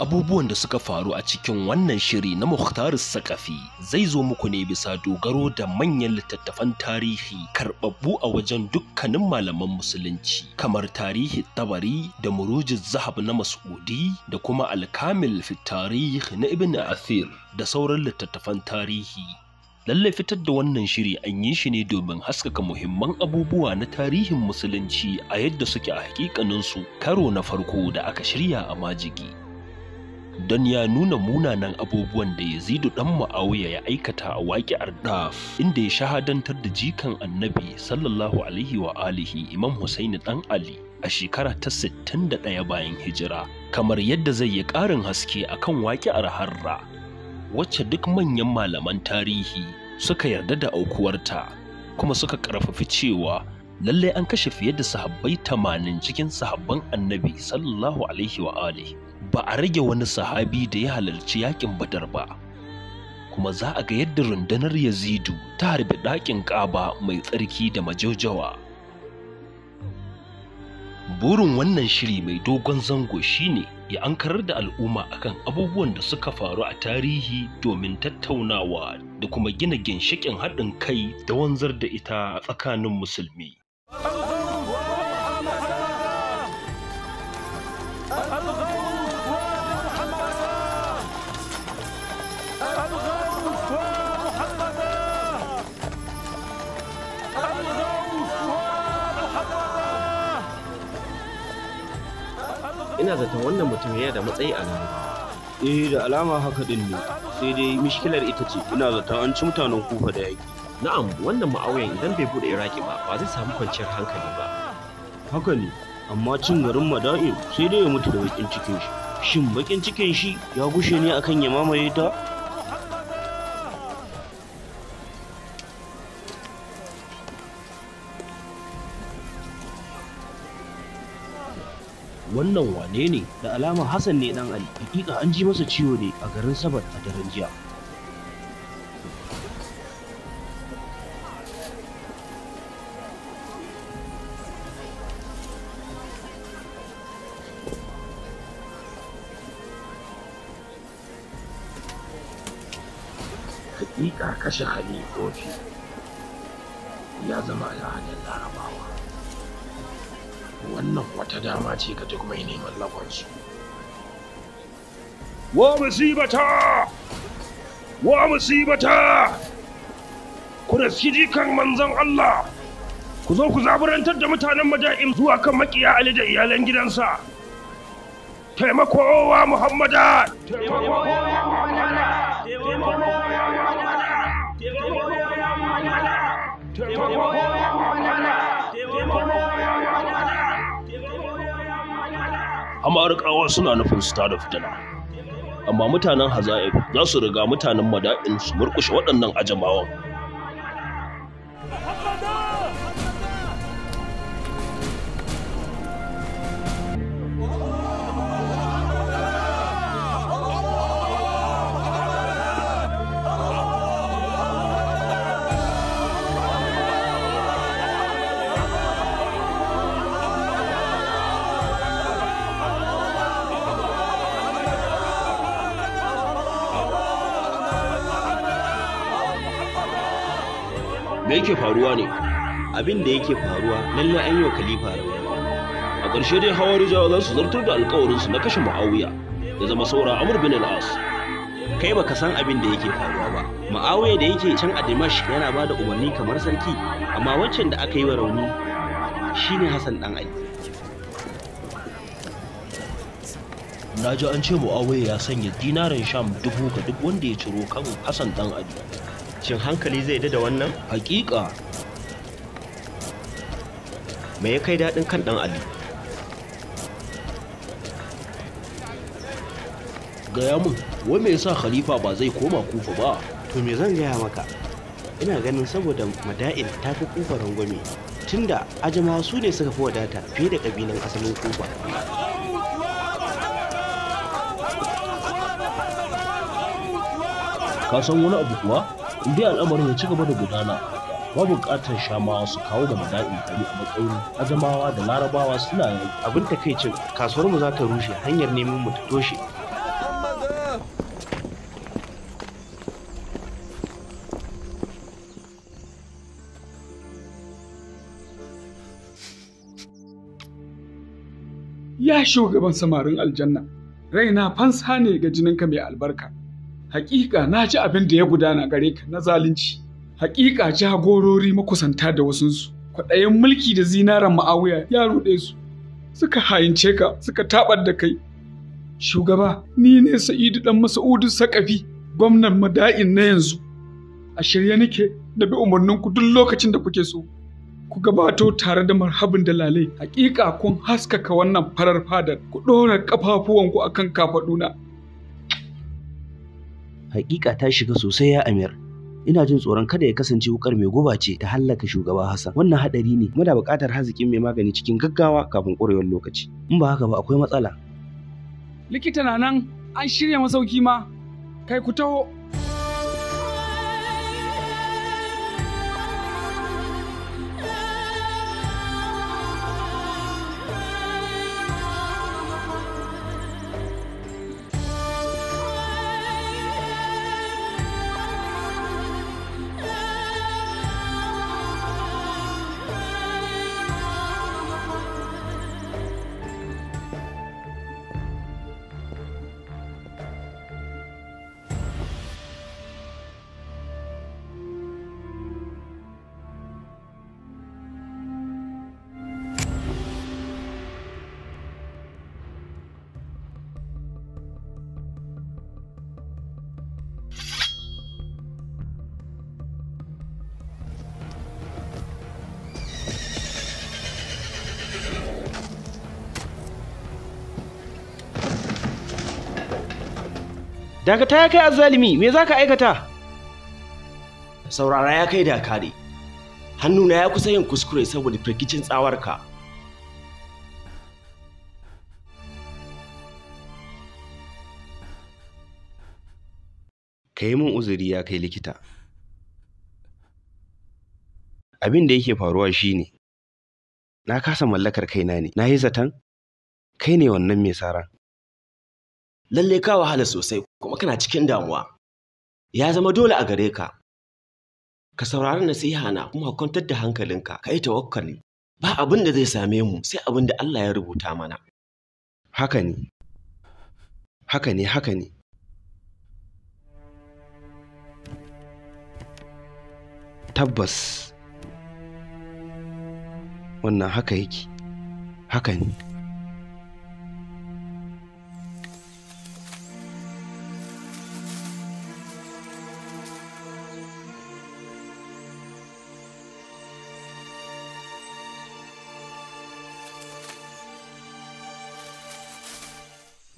Abubuwan da suka faru a cikin wannan shiri na Mukhtar Sakafi zai zo muku ne bisa dogaro da manyan littattafan tarihi karɓaɓɓu a wajen dukkanin malaman musulunci kamar tarihi tabari da murujin zahab na Mas'udi da kuma alkamil tarihi na Ibn Athir da sauran littattafan tarihi lallai fitar da wannan shiri an yi shi ne domin haskaka muhimman abubuwa na tarihin musulunci a yadda suke a hakikaninsu karo na farko da aka shirya a majigi don ya nuna munanan abubuwan da Yazidu dan Muawiya ya aikata a waƙi'ar Daf inda ya shahadantar da jikan Annabi sallallahu alaihi wa alihi Imam Hussaini dan Ali a shekara ta 61 bayan hijira kamar yadda zai yi ƙarin haske akan waƙi'ar Harra wacce duk manyan malaman tarihi suka yarda da aukuwarta kuma suka ƙarfafi cewa lallai an kashe fiye da sahabbai tamanin cikin sahabban annabi sallallahu alaihi wa alihi ba a rage wani sahabi da ya halarci yakin badar ba kuma za a ga yadda rundunar yazidu ta harbi ɗakin ƙaba mai tsarki da majaujawa burin wannan shiri mai dogon zango shine ya ankarar da al'umma akan abubuwan da suka faru a tarihi domin tattaunawa da kuma gina ginshiƙin haɗin kai da wanzar da ita a tsakanin musulmi ina zaton wannan mutum ya da matsayi a larabawa eh da alama haka din ne sai dai mishkilar ita ce ina zaton an ci mutanen kufa da yaki na'am wannan ma'auyan idan bai bude iraki ba ba zai samu kwanciyar hankali ba haka ne amma cin garin mada'in sai dai ya mutu da bakin cikin shi shin bakin cikin shi ya gushe ne akan ya mamaye ta wannan wane ne da alama hassan ne dan ali hakika an ji masa ciwo ne a garin sabar a daren jiya hakika kashe halifofi ya zama al'adar larabawa wannan wata dama ce ka duk mai neman lagonsu wa musibata wa musibata ku riski kan manzon Allah ku zo ku zaburantar da mutanen maja'im zuwa kan makiya Ali da iyalan gidansa Taimakowa wa Muhammada Taimakowa Muhammada Taimakowa Muhammada Taimakowa Muhammada amarkawa suna nufin su tada fitina amma mutanen haza'ib za su riga mutanen mada'in su murkushe waɗannan ajamawan yake faruwa ne abin da yake faruwa lallai an yi wa khalifa a ƙarshe dai hawa jawa za su zartar da alkawarinsu na kashe ma'awiya ya zama saura amur bin al'as kai baka san abin da yake faruwa ba mu'awiya da yake can a dimash yana ba da umarni kamar sarki amma wancan da aka yi wa rauni shine hassan dan ali na ji an ce mu'awiya ya sanya dinarin sham dubu ga duk wanda ya ciro kan hassan dan ali shin hankali zai da wannan hakika me ya kai daɗin kan ɗan ali gaya mun wai me sa khalifa ba zai koma kufa ba to me zan gaya maka ina ganin saboda mada'in ta fi kufa rangwame tunda ajima su ne suka fi wadata fiye da ƙabilan asalin kufa ka san wani abu kuwa Indai al'amarin ya ci gaba da gudana ba bukatar shamawa su kawo da mada'in hari a matsayin azamawa da larabawa suna yi abin takaicin kasuwar mu za ta rushe hanyar neman mu ta toshe ya shugaban samarin aljanna raina fansa ne ga jininka mai albarka hakika na ji abin da ya gudana gare ka na zalunci hakika jagorori makusanta da wasunsu kwaɗayin mulki da zinaran ma'awuya ya ruɗe su suka hayince ka suka taɓar da kai shugaba ni ne sa'idu ɗan masa'udu sakafi gwamnan mada'in na yanzu a shirye nake da bi umarninku duk lokacin da kuke so ku gabato tare da marhabin dalalai hakika kun haskaka wannan farar fadar ku ɗora ƙafafuwanku akan kafaɗuna Hakika ta shiga sosai ya Amir. Ina jin tsoron kada ya kasance wukar mai guba ce ta hallaka shugaba Hassan. Wannan hadari ne. Muna buƙatar hazikin mai magani cikin gaggawa kafin ƙurewar lokaci. In ba haka ba akwai matsala. Likita na nan an shirya masauki ma. Kai ku taho dakata ya kai azzalimi me za ka aikata saurara ya kai dakare hannuna ya kusa yin kuskure saboda firgicin tsawarka ka yi min uzuri ya kai likita abin da yake faruwa shine na kasa mallakar kaina ne na yi zaton kai ne wannan mai saran lalle ka wahala sosai kuma kana cikin damuwa ya zama dole a gare ka ka saurari nasiha na kuma kwantar da hankalinka ka yi tawakkali ba abin da zai same mu sai abin da Allah ya rubuta mana haka ne haka ne haka ne tabbas wannan haka yake haka ne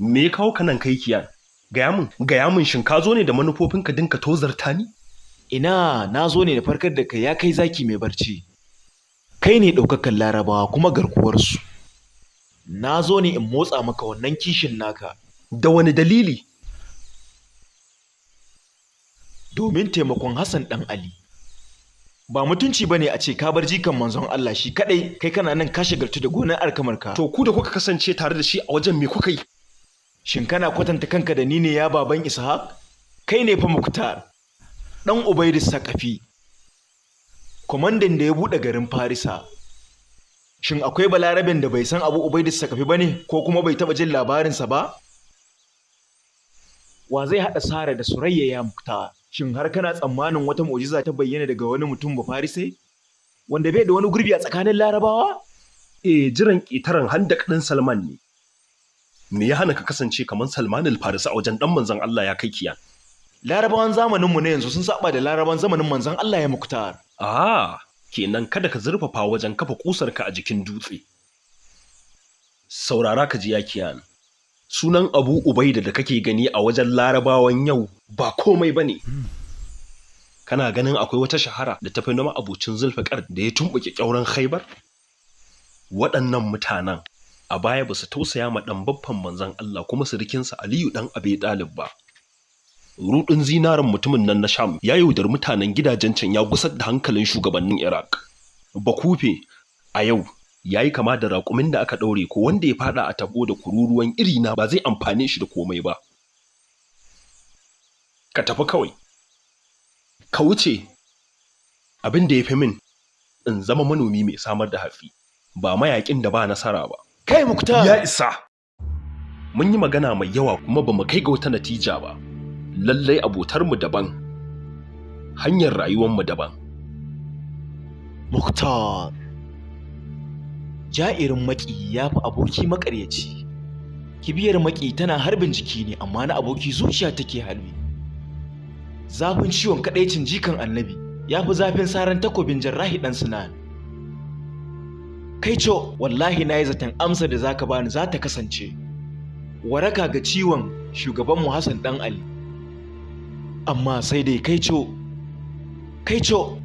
me ya kawo kanan kai kiyan gaya min gaya shin ka zo ne da manufofin ka dinka tozarta ni ina na zo ne na farkar da kai ya kai zaki mai barci kai ne ɗaukakan larabawa kuma garkuwarsu na zo ne in motsa maka wannan kishin naka da wani dalili domin taimakon hassan ɗan ali ba mutunci ba ne a ce ka bar jikan manzon Allah shi kaɗai, kai kana nan ka shagaltu da gonar alkamarka to ku da kuka kasance tare da shi a wajen me kuka yi Shin kana kwatanta kanka da ni ne ya baban Ishaq? Kai ne fa Muktar, ɗan Ubaidu Sakafi, kwamandan da ya buɗe garin Farisa. Shin akwai balaraben da bai san abu Ubaidu Sakafi ba ne ko kuma bai taɓa jin labarinsa ba? Wa zai haɗa Sara da Surayya ya Muktar? Shin har kana tsammanin wata mu'jiza ta bayyana daga wani mutum ba Farisai? Wanda bai da wani gurbi a tsakanin Larabawa? Eh, jiran ƙetaren handak ɗin Salman ne. me ya hana ka kasance kamar Salman al-Farisi a wajen dan manzon Allah ya kai kiyan Larabawan zamanin mu ne yanzu sun saba da Larabawan zamanin manzon Allah ya muktar ah kenan kada ka zurfafa wajen kafa kusar ka a jikin dutse saurara ka ji ya kiyan sunan Abu Ubaida da kake gani a wajen Larabawan yau ba komai bane kana ganin akwai wata shahara da ta fi nama abucin zulfiƙar da ya tumɓuke ƙyauren khaibar waɗannan mutanen a baya ba su tausaya ma ɗan baffan manzan Allah kuma sirikinsa Aliyu ɗan Abi Talib ba. ruɗin zinarin mutumin nan na Sham ya yaudar mutanen gidajen can ya gusar da hankalin shugabannin Iraq. Bakufe a yau ya yi kama da raƙumin da aka ɗaure ko wanda ya faɗa a tabo da kururuwan iri na ba zai amfane shi da komai ba. Ka tafi kawai. Ka wuce abin da ya fi min in zama manomi mai samar da hafi ba mayaƙin da ba nasara ba. Kai Muktar! Ya isa! Mun yi magana mai yawa kuma ba mu kai ga wata natija ba. Lallai abotarmu daban, hanyar rayuwarmu daban. Muktar! Ja'irin maƙi ya fi aboki maƙaryaci. Kibiyar maƙi tana harbin jiki ne amma na aboki zuciya take halbi. Zafin ciwon kaɗaicin jikan annabi ya fi zafin saran takobin jarrahi ɗan sunan. kai co wallahi na yi zaton amsa da za zaka bani za ta kasance waraka ga ciwon shugabanmu hassan dan ali amma sai dai kai co kai co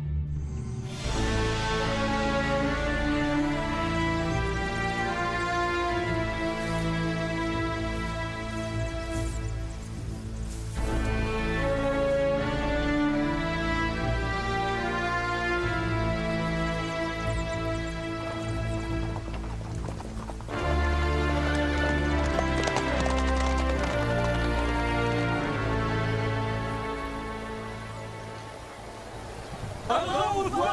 القوس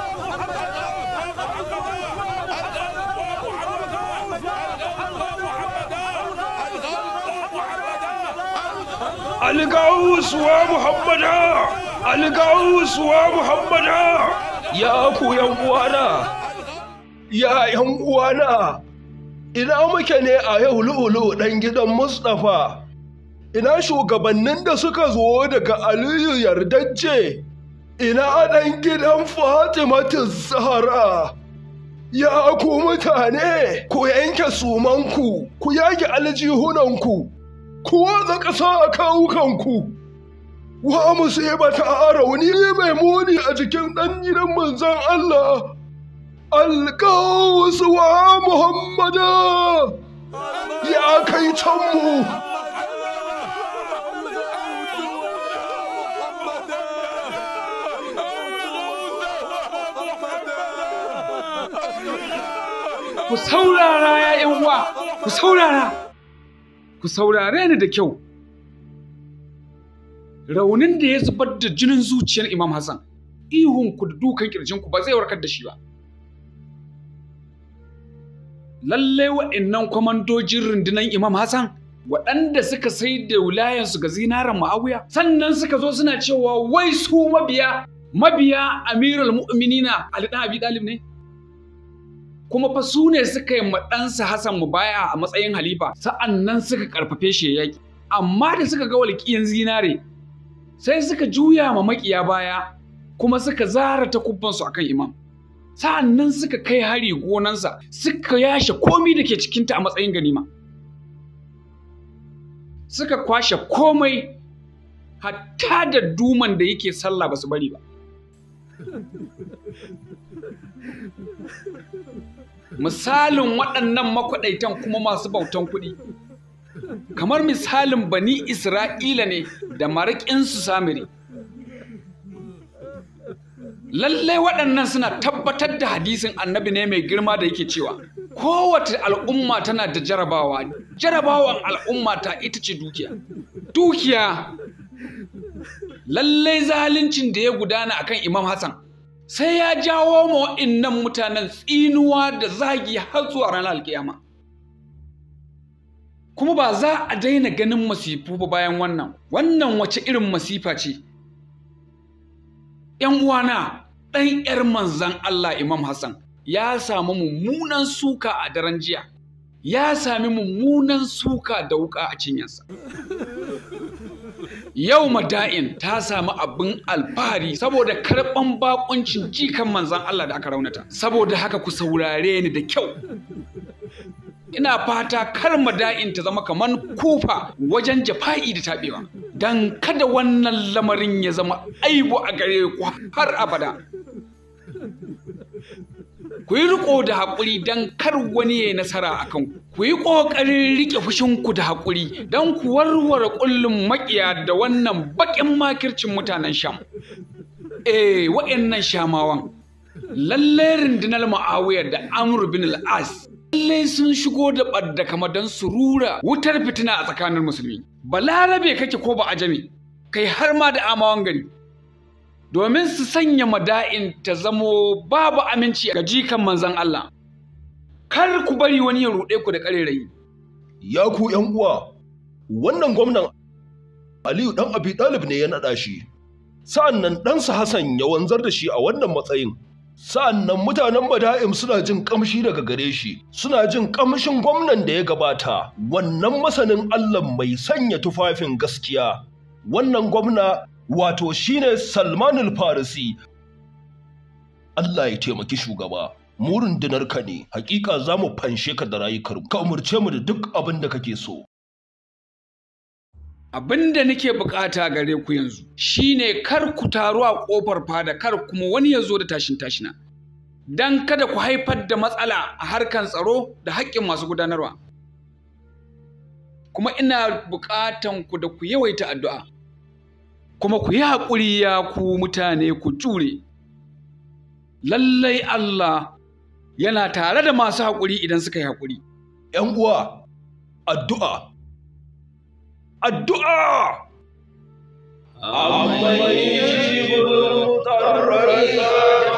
ومحمدا القوس ومحمدا يا uwana ya yan uwana ina muke ne a yau lu'ulu ɗan gidan Mustapha ina shugabannin da suka zo daga Aliyu yardajje ina ɗan gidan Fatimatu zahara. Ya ku mutane, ku yanke sumanku, ku yage aljihunanku, ku watsa ƙasa a kawukanku. Wa musibata a rauni mai muni a jikin ɗan gidan manzon Allah, alƙawus wa ya kai canmu. ku saurara ya ‘yan uwa, ku saurara, ku saurare ni da kyau. Raunin da ya zubar da jinin zuciyar Imam Hassan, ihunku da dukan ƙirjinku ba zai warkar da shi ba. Lallai wa'innan kwamandojin rundunar Imam Hassan waɗanda suka sai da wilayensu ga zinaren ma'awiya sannan suka zo suna cewa wai su mabiya mabiya amirul mu'minina Ali ɗan Abi Talib ne kuma fa su ne suka yi ɗansa Hassan Mubaya a matsayin halifa Sa'annan nan suka karfafe shi yaƙi amma da suka ga walƙiyan zinare sai suka juya ma maƙiya baya kuma suka zara su akan imam Sa'annan suka kai hari gonansa suka yashe komi da ke cikinta a matsayin ganima suka kwashe komai hatta da duman da yake sallah ba su bari ba misalin waɗannan makwaɗaitan kuma masu bautan kuɗi kamar misalin bani isra'ila ne da mariƙinsu samiri lallai waɗannan suna tabbatar da hadisin annabi ne mai girma da yake cewa kowace al'umma tana da jarabawa jarabawan al'umma ta ita ce dukiya dukiya lallai zaluncin da ya gudana akan imam hassan sai ya jawo ma waɗannan mutanen tsinuwa da zagi har zuwa ranar alkiyama kuma ba za a daina ganin masifu ba bayan wannan wannan wace irin masifa ce ‘yan uwana ɗan ‘yar manzan Allah Imam Hassan ya sami mummunan suka a daren jiya ya sami mummunan suka da wuka a cinyarsa yau mada'in ta samu abin alfahari saboda karɓan bakuncin jikan manzan Allah da aka raunata saboda haka ku saurare ni da kyau ina fata kar mada'in ta zama kamar kufa wajen jafa'i da taɓewa don kada wannan lamarin ya zama aibu a gare ku har abada ku yi riƙo da haƙuri don kar wani ya yi nasara a kanku ku yi ƙoƙarin riƙe fushinku da haƙuri don ku warware ƙullun maƙiya da wannan baƙin makircin mutanen sham eh nan shamawan lallai rundunar ma'awiyar da amur bin al'as lallai sun shigo da ɓadda kama don su rura wutar fitina a tsakanin musulmi balarabe kake ko ba a ajami kai har ma da amawan gari domin su sanya mada'in ta zamo babu aminci ga jikan manzan Allah. Kar ku bari wani ya ruɗe ku da ƙarerayi. Ya ku ‘yan uwa, wannan gwamnan Aliyu ɗan Abi Ɗalib ne ya naɗa shi, sa'an nan ɗansa Hassan ya wanzar da shi a wannan matsayin. Sa'an nan mutanen Bada'im suna jin ƙamshi daga gare shi, suna jin ƙamshin gwamnan da ya gabata, wannan masanin Allah mai sanya tufafin gaskiya. Wannan gwamna wato shine Salmanul Farisi Allah ya taimaki shugaba mu rundunar ka ne hakika za mu fanshe ka da rayukar ka umarce mu da duk abin da kake so abin da nake bukata gare ku yanzu shine kar ku taru a kofar fada kar kuma wani ya zo da tashin tashina dan kada ku haifar da matsala a harkan tsaro da haƙƙin masu gudanarwa kuma ina bukatan ku da ku yawaita addu'a kuma ku yi haƙuri ya ku mutane ku jure lallai Allah yana tare da masu haƙuri idan suka yi haƙuri ‘yan uwa addu'a addu'a أمن يجيب المضطر إذا